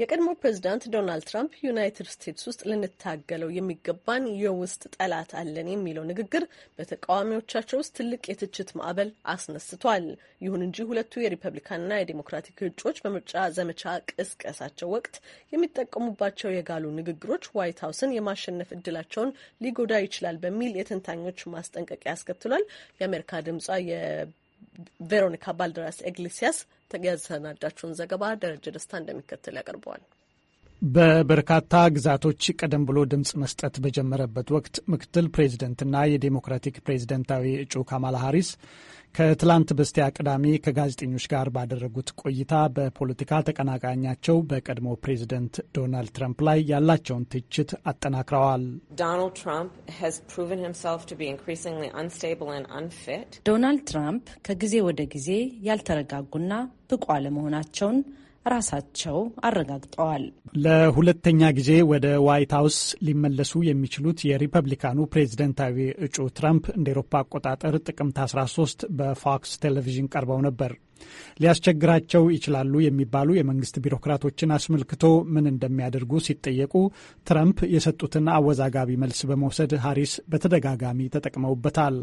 የቀድሞ ፕሬዚዳንት ዶናልድ ትራምፕ ዩናይትድ ስቴትስ ውስጥ ልንታገለው የሚገባን የውስጥ ጠላት አለን የሚለው ንግግር በተቃዋሚዎቻቸው ውስጥ ትልቅ የትችት ማዕበል አስነስቷል። ይሁን እንጂ ሁለቱ የሪፐብሊካንና የዴሞክራቲክ እጩዎች በምርጫ ዘመቻ ቅስቀሳቸው ወቅት የሚጠቀሙባቸው የጋሉ ንግግሮች ዋይት ሀውስን የማሸነፍ እድላቸውን ሊጎዳ ይችላል በሚል የተንታኞች ማስጠንቀቂያ አስከትሏል። የአሜሪካ ድምጿ ቬሮኒካ ባልደራስ ኤግሊሲያስ ያሰናዳችውን ዘገባ ደረጀ ደስታ እንደሚከተል ያቀርበዋል። በበርካታ ግዛቶች ቀደም ብሎ ድምፅ መስጠት በጀመረበት ወቅት ምክትል ፕሬዚደንትና የዴሞክራቲክ ፕሬዚደንታዊ እጩ ካማላ ሃሪስ ከትላንት በስቲያ ቅዳሜ ከጋዜጠኞች ጋር ባደረጉት ቆይታ በፖለቲካ ተቀናቃኛቸው በቀድሞ ፕሬዚደንት ዶናልድ ትራምፕ ላይ ያላቸውን ትችት አጠናክረዋል። ዶናልድ ትራምፕ ከጊዜ ወደ ጊዜ ያልተረጋጉና ብቁ አለመሆናቸውን ራሳቸው አረጋግጠዋል። ለሁለተኛ ጊዜ ወደ ዋይት ሀውስ ሊመለሱ የሚችሉት የሪፐብሊካኑ ፕሬዝደንታዊ እጩ ትራምፕ እንደ ኤሮፓ አቆጣጠር ጥቅምት 13 በፎክስ ቴሌቪዥን ቀርበው ነበር። ሊያስቸግራቸው ይችላሉ የሚባሉ የመንግስት ቢሮክራቶችን አስመልክቶ ምን እንደሚያደርጉ ሲጠየቁ ትረምፕ የሰጡትን አወዛጋቢ መልስ በመውሰድ ሀሪስ በተደጋጋሚ ተጠቅመውበታል።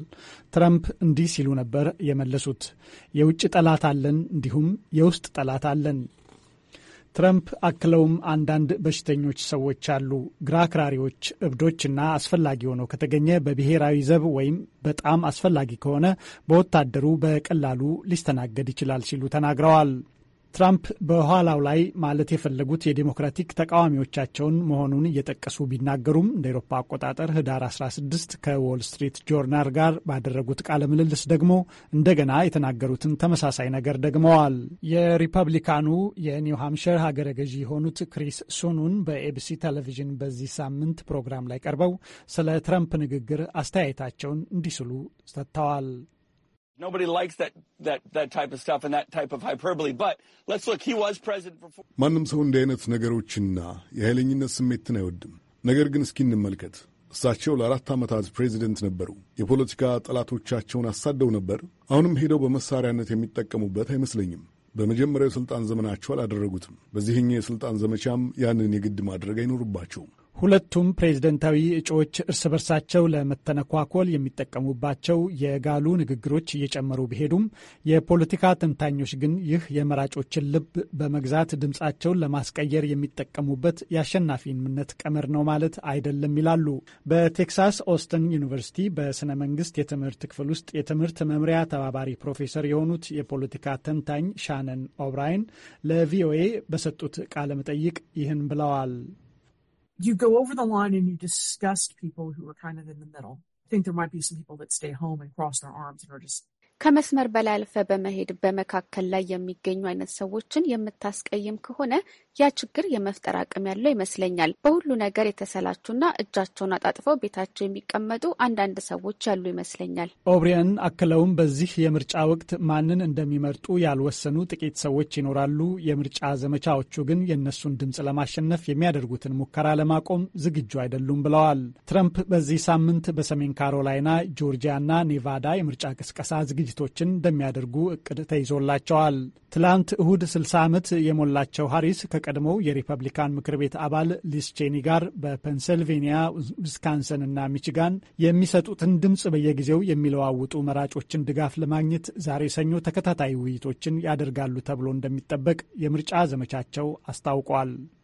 ትረምፕ እንዲህ ሲሉ ነበር የመለሱት፣ የውጭ ጠላት አለን፣ እንዲሁም የውስጥ ጠላት አለን። ትረምፕ አክለውም አንዳንድ በሽተኞች ሰዎች አሉ፣ ግራ አክራሪዎች፣ እብዶችና አስፈላጊ ሆኖ ከተገኘ በብሔራዊ ዘብ ወይም በጣም አስፈላጊ ከሆነ በወታደሩ በቀላሉ ሊስተናገድ ይችላል ሲሉ ተናግረዋል። ትራምፕ በኋላው ላይ ማለት የፈለጉት የዴሞክራቲክ ተቃዋሚዎቻቸውን መሆኑን እየጠቀሱ ቢናገሩም እንደ ኤሮፓ አቆጣጠር ህዳር 16 ከዎል ስትሪት ጆርናል ጋር ባደረጉት ቃለ ምልልስ ደግሞ እንደገና የተናገሩትን ተመሳሳይ ነገር ደግመዋል። የሪፐብሊካኑ የኒው ሃምሽር ሀገረ ገዢ የሆኑት ክሪስ ሱኑን በኤቢሲ ቴሌቪዥን በዚህ ሳምንት ፕሮግራም ላይ ቀርበው ስለ ትራምፕ ንግግር አስተያየታቸውን እንዲስሉ ሰጥተዋል። Nobody likes that, that, that type of stuff and that type of hyperbole, but let's look, he was president for four... ማንም ሰው እንዲህ አይነት ነገሮችና የኃይለኝነት ስሜትን አይወድም። ነገር ግን እስኪ እንመልከት። እሳቸው ለአራት ዓመታት ፕሬዚደንት ነበሩ። የፖለቲካ ጠላቶቻቸውን አሳደው ነበር። አሁንም ሄደው በመሳሪያነት የሚጠቀሙበት አይመስለኝም። በመጀመሪያው የሥልጣን ዘመናቸው አላደረጉትም። በዚህኛው የሥልጣን ዘመቻም ያንን የግድ ማድረግ አይኖርባቸውም። ሁለቱም ፕሬዝደንታዊ እጩዎች እርስ በርሳቸው ለመተነኳኮል የሚጠቀሙባቸው የጋሉ ንግግሮች እየጨመሩ ቢሄዱም የፖለቲካ ተንታኞች ግን ይህ የመራጮችን ልብ በመግዛት ድምፃቸውን ለማስቀየር የሚጠቀሙበት የአሸናፊነት ቀመር ነው ማለት አይደለም ይላሉ። በቴክሳስ ኦስተን ዩኒቨርሲቲ በስነ መንግስት የትምህርት ክፍል ውስጥ የትምህርት መምሪያ ተባባሪ ፕሮፌሰር የሆኑት የፖለቲካ ተንታኝ ሻነን ኦብራይን ለቪኦኤ በሰጡት ቃለ መጠይቅ ይህን ብለዋል። you go over the line and you disgust people who are kind of in the middle. I think there might be some people that stay home and cross their arms and are just ከመስመር በላይ አልፈ በመሄድ በመካከል ላይ የሚገኙ አይነት ሰዎችን የምታስቀይም ከሆነ ያ ችግር የመፍጠር አቅም ያለው ይመስለኛል። በሁሉ ነገር የተሰላቹና እጃቸውን አጣጥፈው ቤታቸው የሚቀመጡ አንዳንድ ሰዎች ያሉ ይመስለኛል። ኦብሪያን አክለውም በዚህ የምርጫ ወቅት ማንን እንደሚመርጡ ያልወሰኑ ጥቂት ሰዎች ይኖራሉ። የምርጫ ዘመቻዎቹ ግን የእነሱን ድምፅ ለማሸነፍ የሚያደርጉትን ሙከራ ለማቆም ዝግጁ አይደሉም ብለዋል። ትረምፕ በዚህ ሳምንት በሰሜን ካሮላይና፣ ጆርጂያና ኔቫዳ የምርጫ ቅስቀሳ ዝግጅ ዝግጅቶችን እንደሚያደርጉ እቅድ ተይዞላቸዋል። ትላንት እሁድ 60 ዓመት የሞላቸው ሃሪስ ከቀድሞው የሪፐብሊካን ምክር ቤት አባል ሊስ ቼኒ ጋር በፔንሰልቬኒያ፣ ዊስካንሰን እና ሚችጋን የሚሰጡትን ድምፅ በየጊዜው የሚለዋውጡ መራጮችን ድጋፍ ለማግኘት ዛሬ ሰኞ ተከታታይ ውይይቶችን ያደርጋሉ ተብሎ እንደሚጠበቅ የምርጫ ዘመቻቸው አስታውቋል።